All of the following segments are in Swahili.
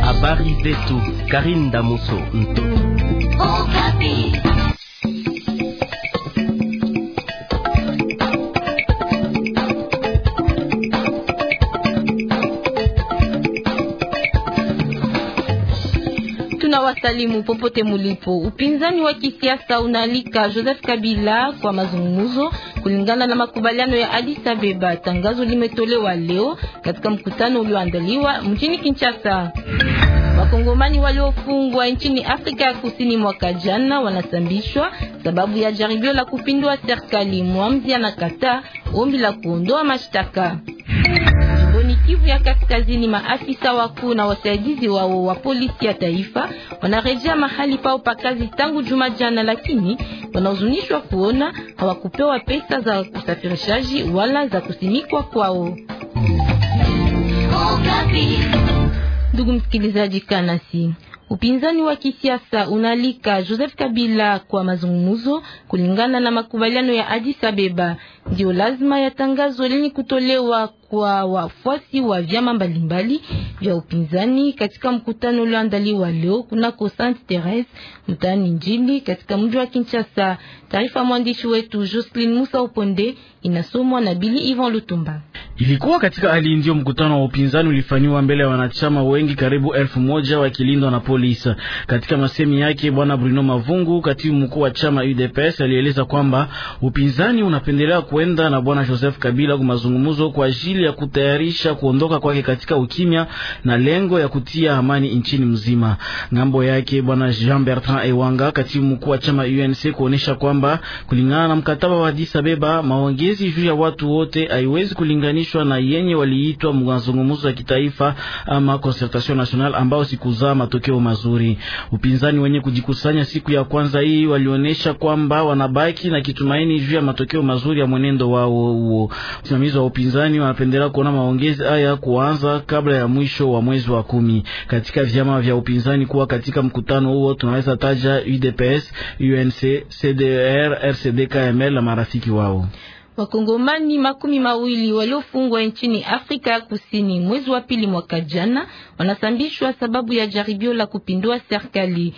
Habari zetu Karinda Muso mto wasalimu popote mulipo. Upinzani wa kisiasa unaalika Joseph Kabila kwa mazungumzo kulingana na makubaliano ya Addis Ababa. Tangazo limetolewa leo katika mkutano ulioandaliwa mjini Kinshasa. Wakongomani waliofungwa nchini Afrika ya Kusini mwaka jana wanasambishwa sababu ya jaribio la kupindua serikali. Mwamzi anakataa ombi la kuondoa mashtaka. Kivu ya Kaskazini, maafisa wakuu na wasaidizi wao wa polisi ya taifa wanarejea mahali pao pa kazi tangu juma jana, lakini wanahuzunishwa kuona hawakupewa pesa za kusafirishaji wala za kusimikwa kwao. Ndugu msikilizaji, kanasi upinzani wa kisiasa unalika Joseph Kabila kwa mazungumzo kulingana na makubaliano ya Addis Abeba, ndio lazima ya tangazo lenye kutolewa kwa wafuasi wa vyama mbalimbali vya upinzani katika mkutano ulioandaliwa leo kunako Sainte Therese mtaani Njili katika mji wa Kinshasa. Taarifa mwandishi wetu Jocelyn Musa Uponde inasomwa na Bili Ivan Lutumba. Ilikuwa katika hali ndio mkutano wa upinzani ulifanywa mbele ya wanachama wengi karibu elfu moja wakilindwa na polisi. Katika masemi yake, bwana Bruno Mavungu, katibu mkuu wa chama UDPS, alieleza kwamba upinzani unapendelea kuenda na bwana Joseph Kabila kwa mazungumzo kwa ajili ajili ya kutayarisha kuondoka kwake katika ukimya na lengo ya kutia amani nchini mzima. Ngambo yake bwana Jean Bertrand Ewanga, katibu mkuu wa chama UNC, kuonesha kwamba kulingana na mkataba wa Addis Abeba, maongezi juu ya watu wote haiwezi kulinganishwa na yenye waliitwa mazungumzo ya kitaifa ama concertation nationale, ambao sikuzaa matokeo mazuri. Upinzani wenye kujikusanya siku ya kwanza hii walionyesha kwamba wanabaki na kitumaini juu ya matokeo mazuri ya mwenendo wao huo. Msimamizi wa upinzani wanapenda kuendelea kuona maongezi haya kuanza kabla ya mwisho wa mwezi wa kumi. Katika vyama vya upinzani kuwa katika mkutano huo tunaweza taja UDPS, UNC, CDR, e RCD, KML na marafiki wao. Wakongomani makumi mawili waliofungwa nchini Afrika ya Kusini mwezi wa pili mwaka jana wanasambishwa sababu ya jaribio la kupindua serikali.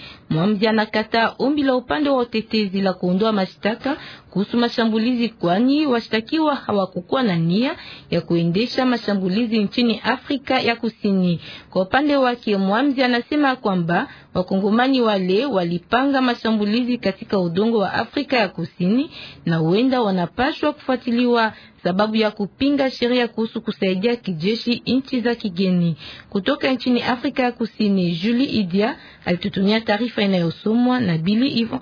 na kata ombi la upande wa utetezi la kuondoa mashtaka kuhusu mashambulizi, kwani washtakiwa hawakukuwa na nia ya kuendesha mashambulizi nchini Afrika ya Kusini. Kwa upande wake, Mwamzi anasema kwamba wakongomani wale walipanga mashambulizi katika udongo wa Afrika ya Kusini na huenda wanapashwa kufa kufuatiliwa sababu ya kupinga sheria kuhusu kusaidia kijeshi nchi za kigeni. Kutoka nchini Afrika ya Kusini, Julie Idia alitutumia taarifa inayosomwa na Billy Ivo.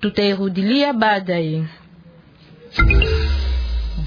Tutairudilia baadaye.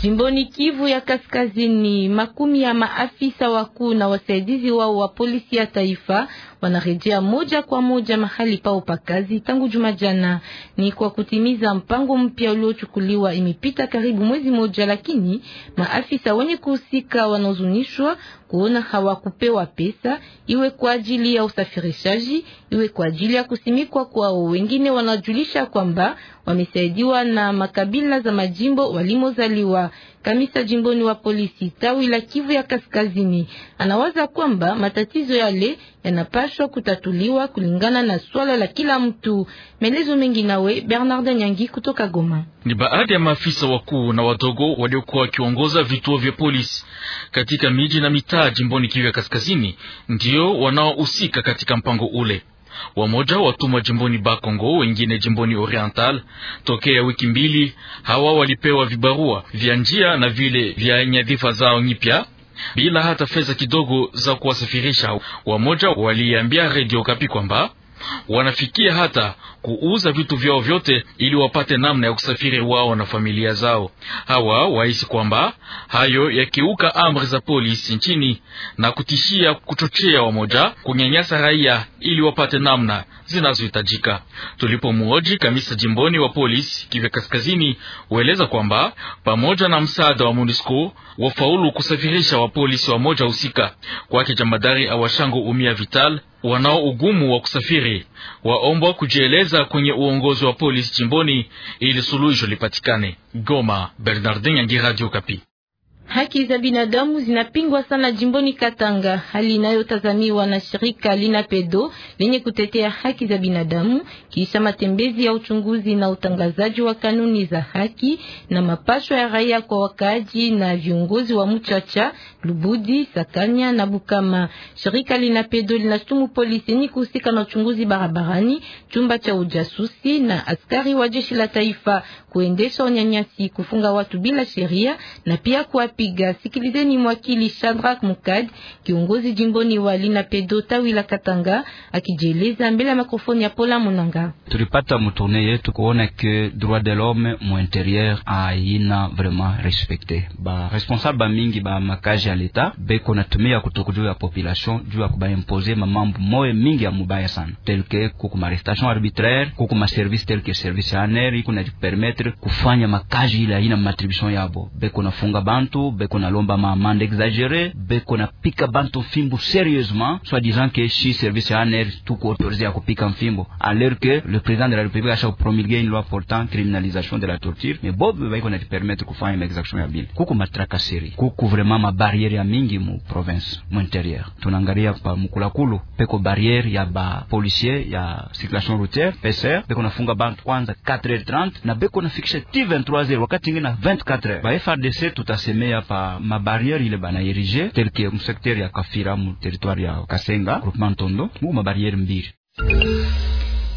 Jimboni Kivu ya Kaskazini, makumi ya maafisa wakuu na wasaidizi wao wa polisi ya taifa wanarejea moja kwa moja mahali pao pa kazi tangu Jumajana. Ni kwa kutimiza mpango mpya uliochukuliwa. Imepita karibu mwezi moja, lakini maafisa wenye kuhusika wanazunishwa kuona hawakupewa pesa, iwe kwa ajili ya usafirishaji, iwe kwa ajili ya kusimikwa kwao. Wengine wanajulisha kwamba wamesaidiwa na makabila za majimbo walimozaliwa kamisa jimboni wa polisi tawi la Kivu ya Kaskazini, anawaza kwamba matatizo yale yanapaswa kutatuliwa kulingana na swala la kila mtu. Melezo mengi nawe Bernard Nyangi kutoka Goma. Ni baadhi ya maafisa wakuu na wadogo waliokuwa wakiongoza vituo vya polisi katika miji na mitaa jimboni Kivu ya Kaskazini ndio wanaohusika katika mpango ule wamoja watumwa jimboni Bakongo, wengine jimboni Oriental. Tokea wiki mbili hawa walipewa vibarua vya njia na vile vya nyadhifa zao nyipya bila hata fedha kidogo za kuwasafirisha. Wamoja waliambia redio Kapi kwamba wanafikia hata kuuza vitu vyao vyote ili wapate namna ya kusafiri wao na familia zao. Hawa wahisi kwamba hayo yakiuka amri za polisi nchini na kutishia kuchochea wamoja kunyanyasa raia ili wapate namna zinazohitajika. muoji kamisa jimboni wa polisi Kivya Kaskazini, hueleza kwamba pamoja na msaada wa MONUSCO wafaulu kusafirisha wapolisi wamoja husika kwake. Jamadari Awashango Umia Vital wanao ugumu wa kusafiri waombwa kujieleza kwenye uongozi wa polisi jimboni ili suluhisho lipatikane. Goma, Bernardin Yangi, Radio Kapi. Haki za binadamu zinapingwa sana jimboni Katanga, hali inayotazamiwa na shirika Lina Pedo lenye kutetea haki za binadamu kisha matembezi ya uchunguzi na utangazaji wa kanuni za haki na mapasho ya raia kwa wakaaji na viongozi wa Muchacha, Lubudi, Sakanya na Bukama. Shirika Lina Pedo linashutumu polisi ni kuhusika na uchunguzi barabarani, chumba cha ujasusi na askari wa jeshi la taifa kuendesha unyanyasi, kufunga watu bila sheria na pia kuwa kupiga. Sikilizeni mwakili Shadrack Mukad, kiongozi jimboni wa Lina Pedo tawi la Katanga, akijieleza mbele ya mikrofoni ya Pola Munanga. tulipata mtournee yetu kuona ke droit de l'homme mu interieur aina vraiment respecté ba responsable ba mingi ba makaji ya leta beko natumia kutoka juu ya population juu ya kubaimpose mamambo moye mingi ya mubaya sana telke kuku marestation arbitraire kuku tel telke service ya aneri permettre kufanya makaji ile aina matribution yabo beko nafunga bantu beko nalomba maamande exagere beko napika bantu mfimbo sérieusement soit disant que shi service ya ANR tuko autorisé ya kupika mfimbo alors que le président de la République asha promulgue une loi portant criminalisation de la torture mais bob baiko natipermettre kufanya maexaction ya bila kuko matrakaseri kuko vraiment mabariere ya mingi mu province mu interieur tunaangalia pa mukulakulu peko barrière ya ba policier ya circulation routière PCR beko nafunga bantu kwanza 4h30 na beko nafikisha t 23h wakati ingine na 24h ba FRDC tutasemea kupitia pa mabariere ile bana erige tel que mu secteur ya Kafira mu territoire ya Kasenga groupement Tondo mu mabariere mbili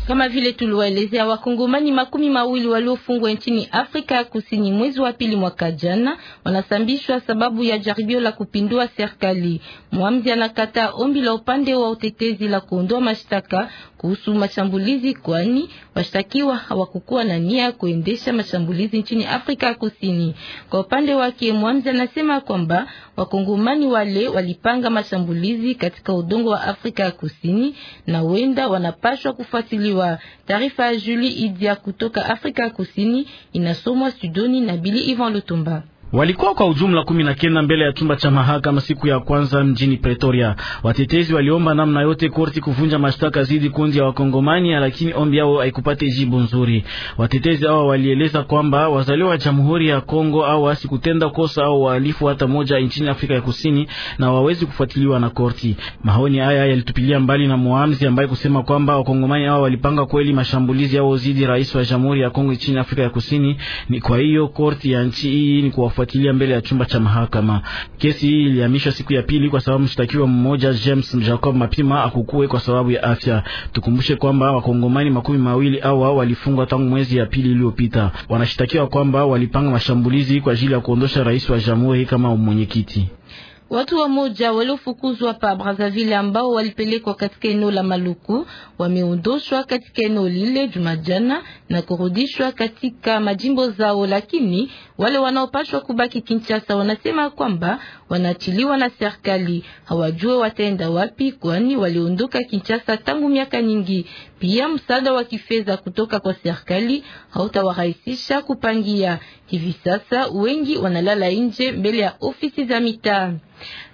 kama vile tuliwaelezea wakongomani makumi mawili waliofungwa nchini Afrika ya Kusini mwezi wa pili mwaka jana wanasambishwa sababu ya jaribio la kupindua serikali. Mwamzi anakataa ombi la upande wa utetezi la kuondoa mashtaka kuhusu mashambulizi, kwani washtakiwa hawakukuwa na nia kuendesha mashambulizi nchini Afrika ya Kusini. Kwa upande wake, mwamzi anasema kwamba wakongomani wale walipanga mashambulizi katika udongo wa Afrika ya Kusini na wenda wanapashwa kufuatiliwa. Taarifa ya Julie Idia kutoka Afrika ya Kusini inasomwa studioni na Bili Ivan Lutumba walikuwa kwa ujumla kumi na kenda mbele ya chumba cha mahakama siku ya kwanza mjini Pretoria. Watetezi waliomba namna yote korti kuvunja mashtaka zidi kundi ya Wakongomani, lakini ombi yao haikupata jibu nzuri. Watetezi hao walieleza kwamba wazaliwa wa Jamhuri ya Kongo au kutenda kosa au wahalifu hata moja nchini Afrika ya Kusini na wawezi kufuatiliwa na korti. Maoni haya yalitupilia mbali na muamzi ambaye kusema kwamba Wakongomani hao walipanga kweli mashambulizi yao zidi rais wa Jamhuri ya Kongo nchini Afrika ya Kusini. Ni kwa hiyo korti ya nchi hii ni kuwafuatilia kufuatilia mbele ya chumba cha mahakama. Kesi hii ilihamishwa siku ya pili kwa sababu mshtakiwa mmoja James Jacob Mapima akukuwe kwa sababu ya afya. Tukumbushe kwamba wakongomani makumi mawili awa walifungwa tangu mwezi ya pili iliyopita. Wanashtakiwa kwamba walipanga mashambulizi kwa ajili ya kuondosha rais wa jamhuri kama mwenyekiti. Watu wamoja waliofukuzwa pa Brazzaville ambao walipelekwa katika eneo la Maluku wameondoshwa katika eneo lile Jumajana na kurudishwa katika majimbo zao, lakini wale wanaopashwa kubaki Kinshasa wanasema kwamba wanaachiliwa na serikali. Hawajue wataenda wapi, kwani waliondoka Kinshasa tangu miaka nyingi. Pia msaada wa kifedha kutoka kwa serikali hautawarahisisha kupangia. Hivi sasa wengi wanalala nje mbele ya ofisi za mitaa.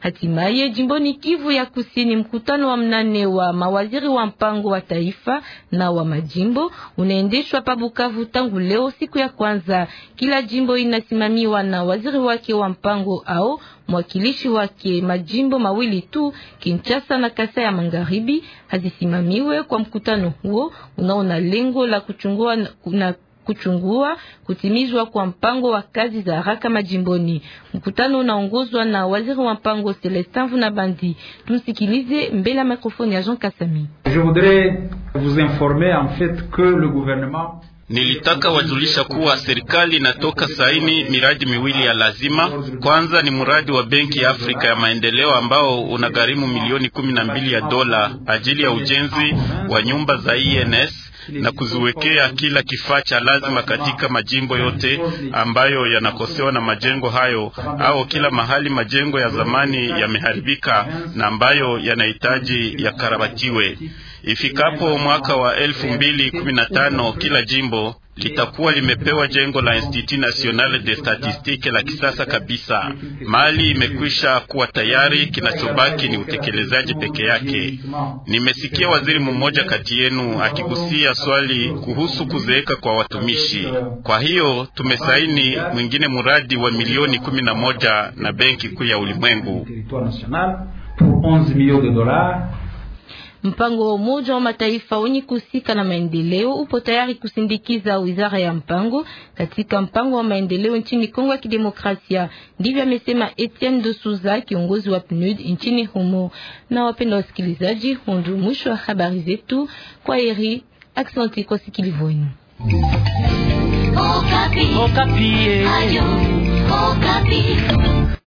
Hatimaye jimboni Kivu ya Kusini, mkutano wa mnane wa mawaziri wa mpango wa taifa na wa majimbo unaendeshwa pa Bukavu tangu leo, siku ya kwanza. Kila jimbo inasimamiwa na waziri wake wa mpango au mwakilishi wake. Majimbo mawili tu, Kinshasa na Kasai ya Magharibi, hazisimamiwe kwa mkutano huo unaona lengo la kuchungua na kuchungua kutimizwa kwa mpango wa kazi za haraka majimboni. Mkutano unaongozwa na waziri wa mpango Celestin Vuna Bandi. Tumsikilize mbele ya mikrofoni ya Jean Kasami. Je voudrais vous informer en fait que le gouvernement Nilitaka wajulisha kuwa serikali inatoka saini miradi miwili ya lazima. Kwanza ni mradi wa Benki ya Afrika ya Maendeleo ambao unagharimu milioni kumi na mbili ya dola ajili ya ujenzi wa nyumba za INS na kuziwekea kila kifaa cha lazima katika majimbo yote ambayo yanakosewa na majengo hayo au kila mahali majengo ya zamani yameharibika na ambayo yanahitaji yakarabatiwe ifikapo mwaka wa elfu mbili kumi na tano kila jimbo litakuwa limepewa jengo la Institut National de Statistique la kisasa kabisa. Mali imekwisha kuwa tayari, kinachobaki ni utekelezaji peke yake. Nimesikia waziri mmoja kati yenu akigusia swali kuhusu kuzeeka kwa watumishi. Kwa hiyo tumesaini mwingine mradi wa milioni kumi na moja na Benki Kuu ya Ulimwengu. Mpango wa Umoja wa Mataifa wenye kusika na maendeleo upo tayari kusindikiza wizara ya mpango katika mpango wa maendeleo nchini Kongo ya Kidemokrasia. Ndivyo amesema Etienne de Souza, kiongozi wa PNUD nchini humo. Na wapenda wasikilizaji, huo mwisho wa habari zetu. Kwa heri, asante kwa kusikilizeni. Okapi. Okapi. Ayo, Okapi.